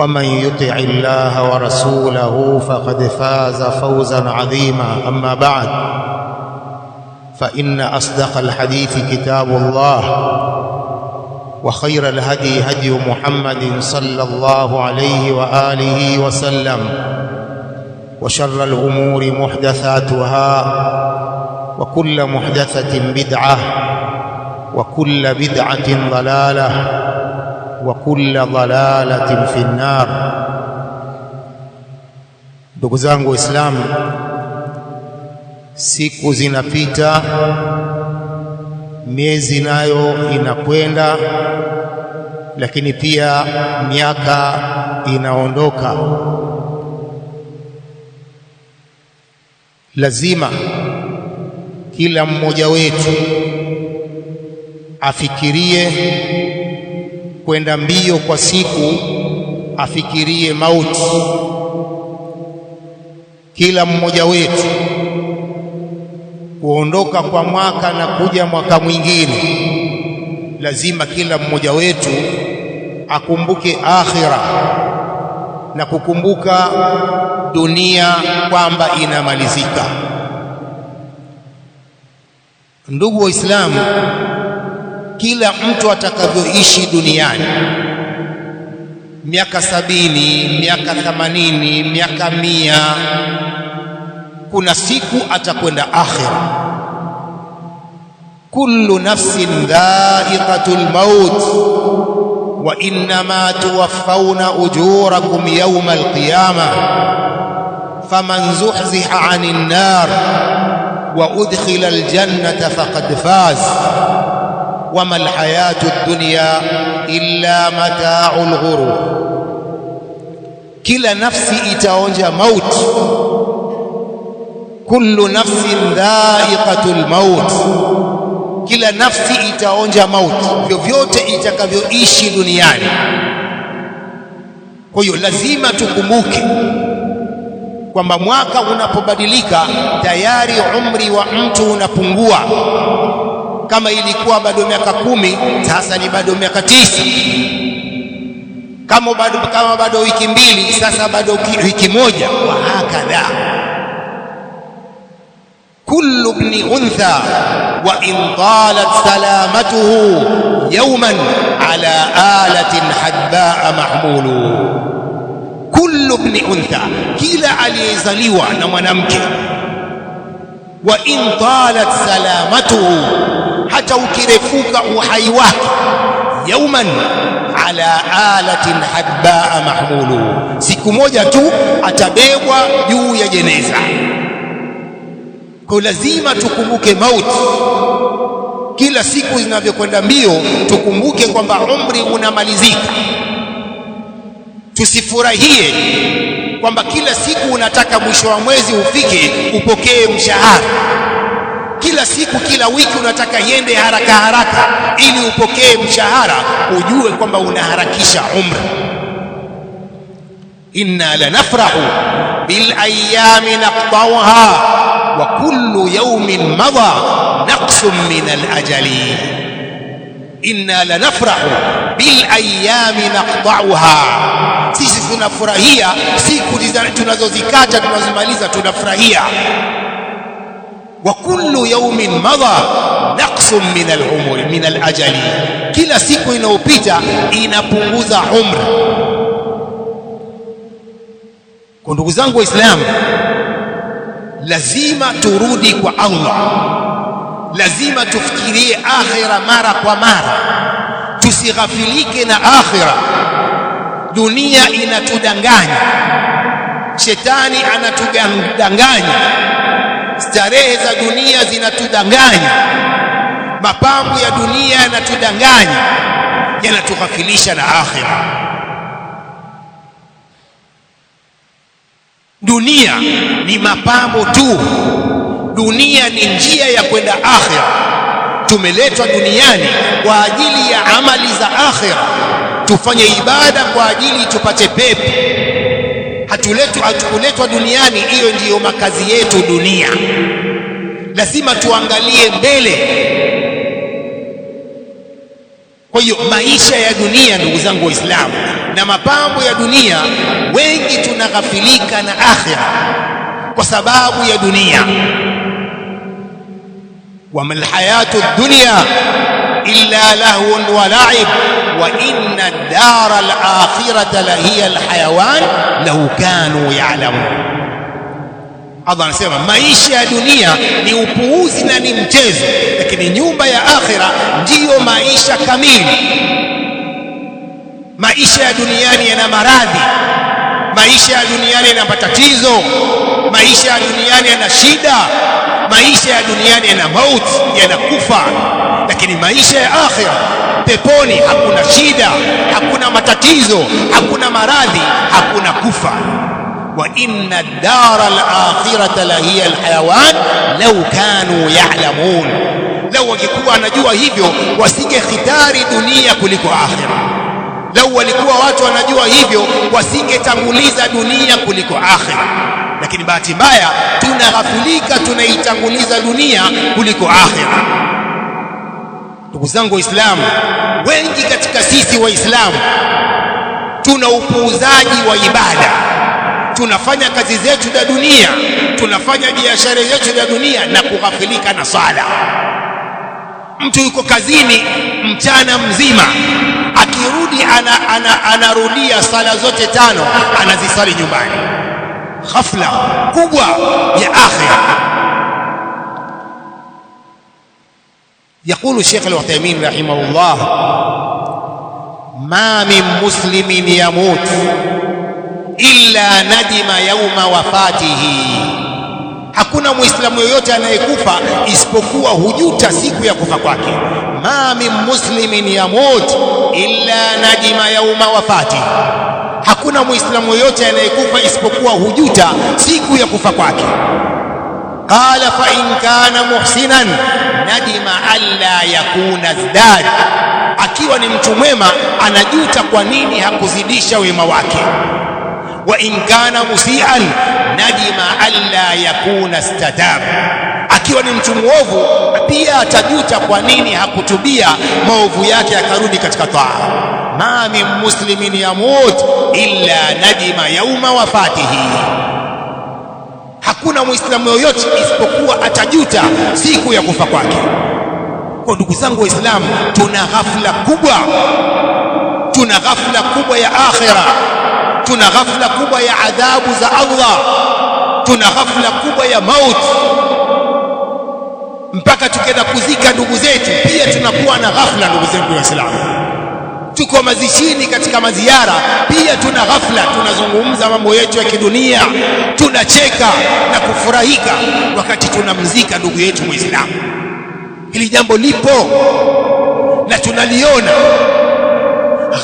ومن يطع الله ورسوله فقد فاز فوزا عظيما أما بعد فإن أصدق الحديث كتاب الله وخير الهدي هدي محمد صلى الله عليه وآله وسلم وشر الأمور محدثاتها وكل محدثة بدعة وكل بدعة ضلالة wa kulla dalalatin fi nnar. Ndugu zangu Waislamu, siku zinapita, miezi nayo inakwenda, lakini pia miaka inaondoka. Lazima kila mmoja wetu afikirie kwenda mbio kwa siku afikirie mauti. Kila mmoja wetu kuondoka kwa mwaka na kuja mwaka mwingine, lazima kila mmoja wetu akumbuke akhira na kukumbuka dunia kwamba inamalizika. Ndugu Waislamu, kila mtu atakavyoishi duniani miaka sabini miaka thamanini miaka mia kuna siku atakwenda akhira kullu nafsin dha'iqatul maut wa innama tuwaffawna ujurakum yawmal alqiyama faman zuhziha 'anil nar wa udkhila al faqad faz wama lhayatu dunya illa mataul ghurur, kila nafsi itaonja mauti. Kullu nafsin dha'iqatul lmaut kila nafsi itaonja mauti vyovyote itakavyoishi duniani. Kwa hiyo lazima tukumbuke kwamba mwaka unapobadilika tayari umri wa mtu unapungua kama ilikuwa bado miaka kumi, sasa ni bado miaka tisa. Kama bado, kama bado wiki mbili, sasa bado wiki moja. Wa hakadha kullu ibni untha wa in talat salamatuhu yawman ala alatin hadbaa mahmulu. Kullu ibni untha, kila aliyezaliwa na mwanamke. Wa in talat salamatuhu hata ukirefuka uhai wake yauman ala alatin hadbaa mahmulu, siku moja tu atabebwa juu ya jeneza. Kwa lazima tukumbuke mauti kila siku zinavyokwenda mbio, tukumbuke kwamba umri unamalizika. Tusifurahie kwamba kila siku unataka mwisho wa mwezi ufike upokee mshahara kila siku, kila wiki unataka iende haraka haraka ili upokee mshahara, ujue kwamba unaharakisha umri. Inna lanafrahu bil ayami naqtauha wa kullu yawmin madha naqsun min al ajali. Inna lanafrahu bil ayami naqtauha, sisi tunafurahia siku tunazozikata tunazimaliza, tunafurahia wa kullu yawmin madha naqsun min al-umri min al-ajali, kila siku inayopita inapunguza umri. Kwa ndugu zangu Waislamu, lazima turudi kwa Allah, lazima tufikirie akhira mara kwa mara, tusighafilike na akhira. Dunia inatudanganya, shetani anatudanganya Starehe za dunia zinatudanganya, mapambo ya dunia yanatudanganya, yanatughafilisha na akhira. Dunia ni mapambo tu, dunia ni njia ya kwenda akhira. Tumeletwa duniani kwa ajili ya amali za akhira, tufanye ibada kwa ajili tupate pepo hatuletwi hatukuletwa duniani hiyo ndiyo makazi yetu dunia lazima tuangalie mbele kwa hiyo maisha ya dunia ndugu zangu waislamu na mapambo ya dunia wengi tunaghafilika na akhira kwa sababu ya dunia wamalhayatu dunia illa lahwun wa la'ib وإن الدار الآخرة لهي الحيوان لو كانوا يعلمون Allah anasema maisha ya dunia ni upuuzi na ni mchezo, lakini nyumba ya akhira ndiyo maisha kamili. Maisha ya duniani yana maradhi, maisha ya duniani yana matatizo, maisha ya duniani yana shida, maisha ya duniani yana mauti, yanakufa. lakini maisha ya akhira peponi hakuna shida hakuna matatizo hakuna maradhi hakuna kufa wa inna dara al-akhirata la hiya al-hayawan law kanu ya'lamun law wangekuwa anajua hivyo wasingehitari dunia kuliko akhira lau walikuwa watu wanajua hivyo wasingetanguliza dunia kuliko akhira lakini bahati mbaya tunaghafulika tunaitanguliza dunia kuliko akhira Ndugu zangu Waislamu, wengi katika sisi Waislamu tuna upuuzaji wa ibada. Tunafanya kazi zetu za dunia, tunafanya biashara zetu za dunia na kughafilika na sala. Mtu yuko kazini mchana mzima, akirudi ana, ana, anarudia sala zote tano, anazisali nyumbani. Ghafla kubwa ya akhira يقول الشيخ العثيمين رحمه الله ما من مسلم يموت إلا ندم يوم وفاته hakuna muislamu yoyote anayekufa isipokuwa hujuta siku ya kufa kwake ma min muslimin yamut illa najima yauma wafati hakuna muislamu yoyote anayekufa isipokuwa hujuta siku ya kufa kwake qala fa in kana muhsinan nadima alla yakuna zdad akiwa ni mtu mwema anajuta kwa nini hakuzidisha wema wake wa in kana musian nadima alla yakuna stadab akiwa ni mtu mwovu pia atajuta kwa nini hakutubia maovu yake akarudi katika taa ma min muslimin yamut illa nadima yauma wafatihi hakuna muislamu yoyote isipokuwa atajuta siku ya kufa kwake. Kwa ndugu zangu Waislamu, tuna ghafla kubwa, tuna ghafla kubwa ya akhira, tuna ghafla kubwa ya adhabu za Allah, tuna ghafla kubwa ya mauti. Mpaka tukienda kuzika ndugu zetu, pia tunakuwa na ghafla, ndugu zangu Waislamu tuko mazishini katika maziara, pia tuna ghafla, tunazungumza mambo yetu ya kidunia, tunacheka na kufurahika wakati tunamzika ndugu yetu Muislamu. Hili jambo lipo na tunaliona.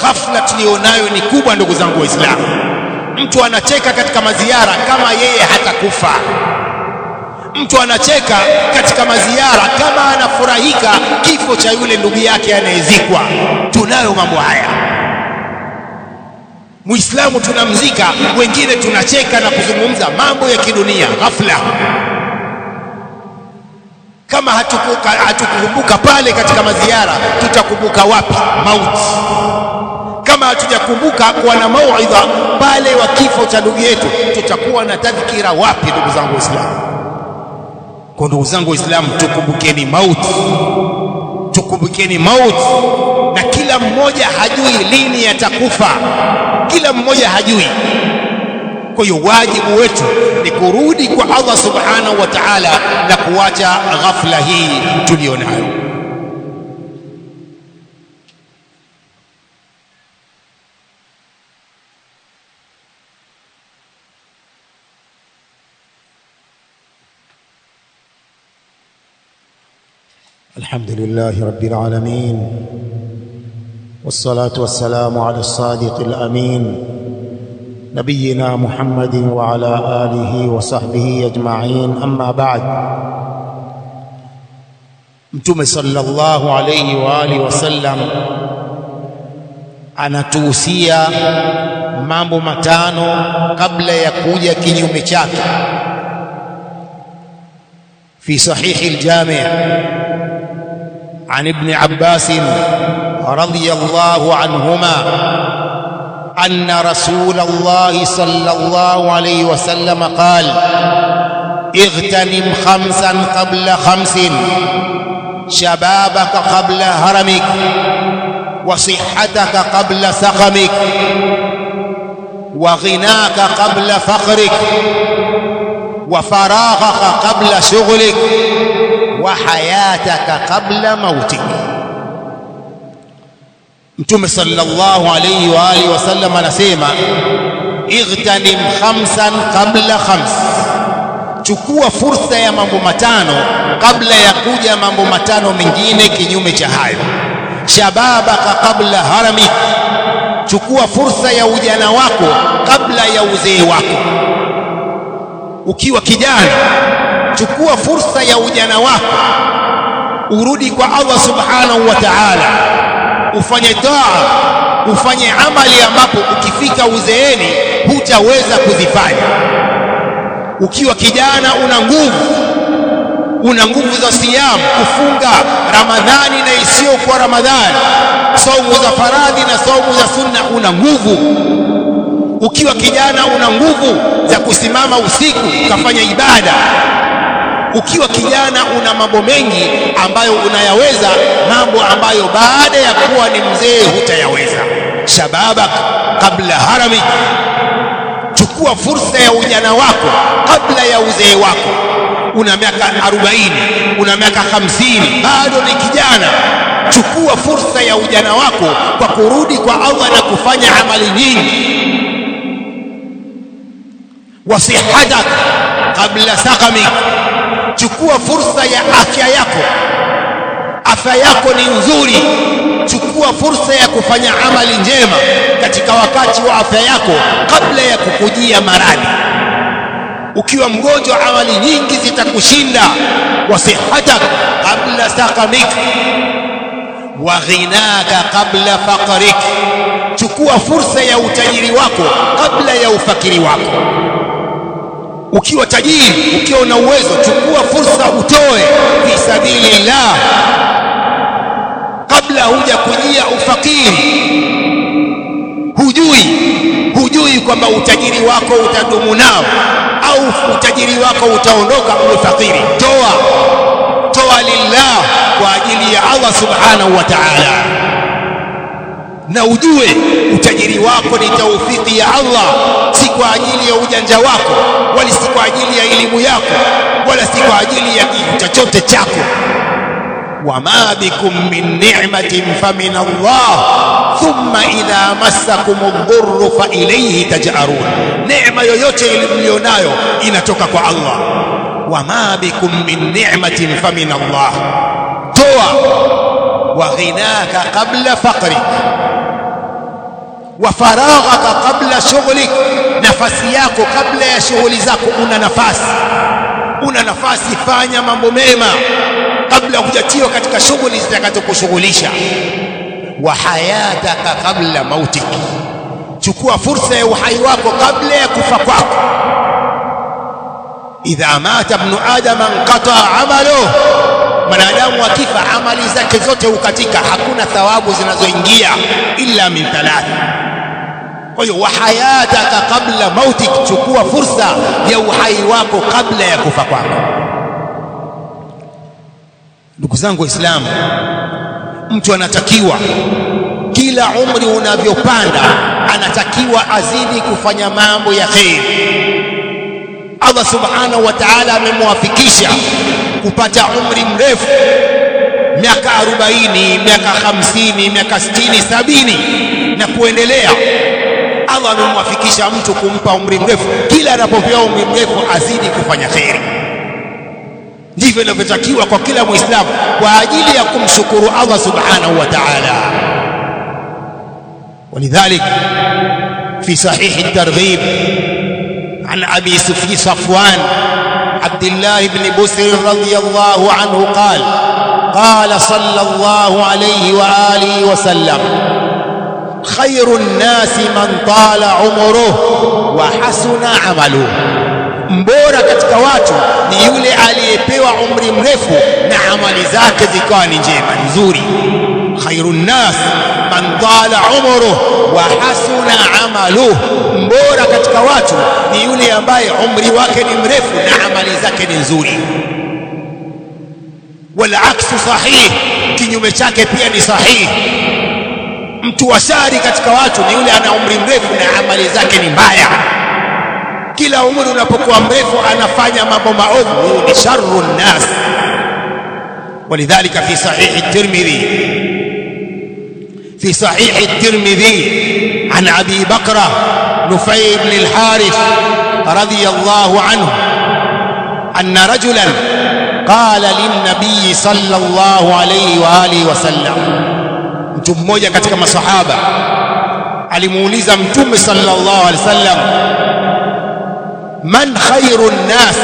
Ghafla tulionayo ni kubwa, ndugu zangu Waislamu. Mtu anacheka katika maziara kama yeye hatakufa mtu anacheka katika maziara kama anafurahika kifo cha yule ndugu yake anayezikwa. Tunayo mambo haya. Muislamu tunamzika, wengine tunacheka na kuzungumza mambo ya kidunia ghafla, kama hatukukumbuka pale katika maziara, tutakumbuka wapi? Mauti kama hatujakumbuka kuwa na mauidha pale wa kifo cha ndugu yetu, tutakuwa na tadhkira wapi, ndugu zangu Waislamu? Kwa ndugu zangu Waislamu, tukumbukeni mauti, tukumbukeni mauti, na kila mmoja hajui lini atakufa, kila mmoja hajui. Kwa hiyo wajibu wetu ni kurudi kwa Allah subhanahu wa ta'ala na kuacha ghafla hii tuliyonayo. الحمد لله رب العالمين والصلاة والسلام على الصادق الأمين نبينا محمد وعلى آله وصحبه أجمعين أما بعد متوم صلى الله عليه وآله وسلم أنا mambo matano kabla ya kuja kinyume chake fi sahihi aljami' عن ابن عباس رضي الله عنهما ان رسول الله صلى الله عليه وسلم قال اغتنم خمسا قبل خمس شبابك قبل هرمك وصحتك قبل سقمك وغناك قبل فقرك وفراغك قبل شغلك wa hayataka qabla mautik. Mtume sallallahu alayhi wa alihi wasallam anasema ightanim khamsan qabla khams, chukua fursa ya mambo matano kabla ya kuja mambo matano mengine kinyume cha hayo. Shababaka qabla haramik, chukua fursa ya ujana wako kabla ya uzee wako. Ukiwa kijana chukua fursa ya ujana wako urudi kwa Allah subhanahu wa ta'ala ufanye toa ufanye amali ambapo ukifika uzeeni hutaweza kuzifanya ukiwa kijana una nguvu una nguvu za siamu kufunga ramadhani na isiyokuwa ramadhani saumu za faradhi na saumu za sunna una nguvu ukiwa kijana una nguvu za kusimama usiku ukafanya ibada ukiwa kijana una mambo mengi ambayo unayaweza, mambo ambayo baada ya kuwa ni mzee hutayaweza. Shababak kabla harami, chukua fursa ya ujana wako kabla ya uzee wako. Una miaka 40, una miaka 50, bado ni kijana. Chukua fursa ya ujana wako kwa kurudi kwa Allah na kufanya amali nyingi. Wasihatak kabla sakami chukua fursa ya afya yako. Afya yako ni nzuri, chukua fursa ya kufanya amali njema katika wakati wa afya yako, kabla ya kukujia maradhi. Ukiwa mgonjwa, amali nyingi zitakushinda. wa sihatak qabla saqamik wa ghinaka qabla faqrik, chukua fursa ya utajiri wako kabla ya ufakiri wako ukiwa tajiri, ukiwa na uwezo, chukua fursa utoe fi sabilillah, kabla huja kujia ufakiri. Hujui, hujui kwamba utajiri wako utadumu nao au utajiri wako utaondoka uwe fakiri. Toa, toa lillah, kwa ajili ya Allah subhanahu wa ta'ala na ujue utajiri wako ni taufiki ya Allah, si kwa ajili ya ujanja wako, wala si kwa ajili ya elimu yako, wala si kwa ajili ya kitu chochote chako. wama bikum min ni'matin famin Allah thumma idha massakum ad-durru fa ilayhi taj'arun, neema yoyote mlionayo inatoka kwa Allah. wama bikum min ni'matin famin Allah, toa wa ghinaka qabla faqrik wa faragha kabla shughlik, nafasi yako kabla ya shughuli zako. Una nafasi, una nafasi, fanya mambo mema kabla hujatiwa katika shughuli zitakazokushughulisha. Wa hayataka kabla mautik, chukua fursa ya uhai wako kabla ya kufa kwako. Idha mata ibn adam anqata amaluhu Mwanadamu akifa amali zake zote hukatika, hakuna thawabu zinazoingia illa min thalath. Kwa hiyo wahayataka kabla mautik, chukua fursa ya uhai wako kabla ya kufa kwako. Ndugu zangu Waislamu, mtu anatakiwa kila umri unavyopanda, anatakiwa azidi kufanya mambo ya kheri. Allah subhanahu wa ta'ala amemwafikisha kupata umri mrefu miaka 40 miaka 50 miaka 60 sabini na kuendelea Allah amemwafikisha mtu kumpa umri mrefu kila anapopewa umri mrefu azidi kufanya kheri ndivyo inavyotakiwa kwa kila muislamu kwa ajili ya kumshukuru Allah subhanahu wa ta'ala ولذلك في صحيح الترغيب عن أبي صفوان عبد الله بن بسر رضي الله عنه قال قال صلى الله عليه وآله وسلم خير الناس من طال عمره وحسن عمله mbora katika watu ni yule aliyepewa umri mrefu na amali zake zikawa ni njema nzuri khairu nnas man tala umruh wa hasuna amaluh, mbora katika watu ni yule ambaye umri wake ni mrefu na amali zake ni nzuri. Wal aksu sahih, kinyume chake pia ni sahihi. Mtu wa shari katika watu ni yule ana umri mrefu na amali zake ni mbaya. Kila umri unapokuwa mrefu anafanya mambo maovu, huyu ni sharru nnas. ولذلك في صحيح الترمذي في صحيح الترمذي عن أبي بكر نفيع بن الحارث رضي الله عنه أن رجلا قال للنبي صلى الله عليه وآله وسلم جمعية كتك ما صحابة المولزة جمع صلى الله عليه وسلم من خير الناس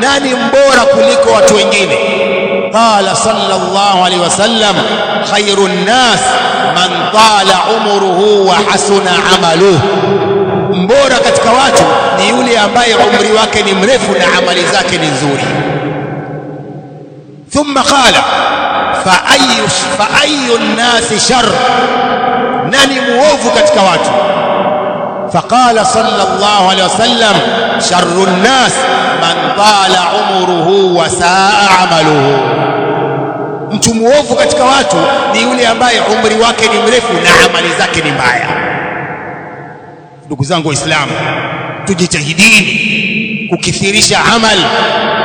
ناني مبورا لك وتوينيني قال صلى الله عليه وسلم خير الناس من طال عمره وحسن عمله mbora katika watu ni yule ambaye umri wake ni mrefu na amali zake ni nzuri thumma qala fa ayyu fa ayyu an-nas shar nani muovu katika watu faqala sallallahu alaihi wasallam sharru nnas man tala umuruhu wa saa amaluhu mtu mwovu katika watu ni yule ambaye umri wake ni mrefu na amali zake ni mbaya ndugu zangu waislamu tujitahidini kukithirisha amali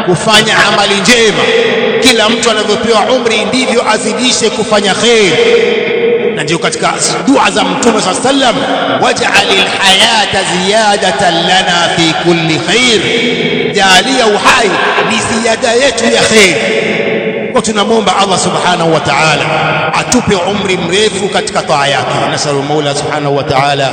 kufanya amali njema kila mtu anavyopewa umri ndivyo azidishe kufanya kheri na ndio katika dua za mtume saa sallam wajalil hayata ziyadatan lana fi kulli khair jalia uhai ni ziada yetu ya kheri kwa tunamomba Allah subhanahu wa ta'ala atupe umri mrefu katika taa yake nasalu maula subhanahu wa ta'ala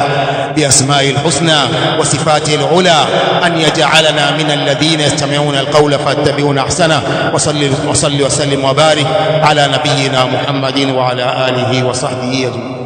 bi biasma'il husna wa sifatil ula an yaj'alana min alladhina yastami'una alqawla fattabi'una ahsana wa salli wa salli wa sallim wa barik ala nabiyyina muhammadin wa ala alihi wa sahbihi ajma'in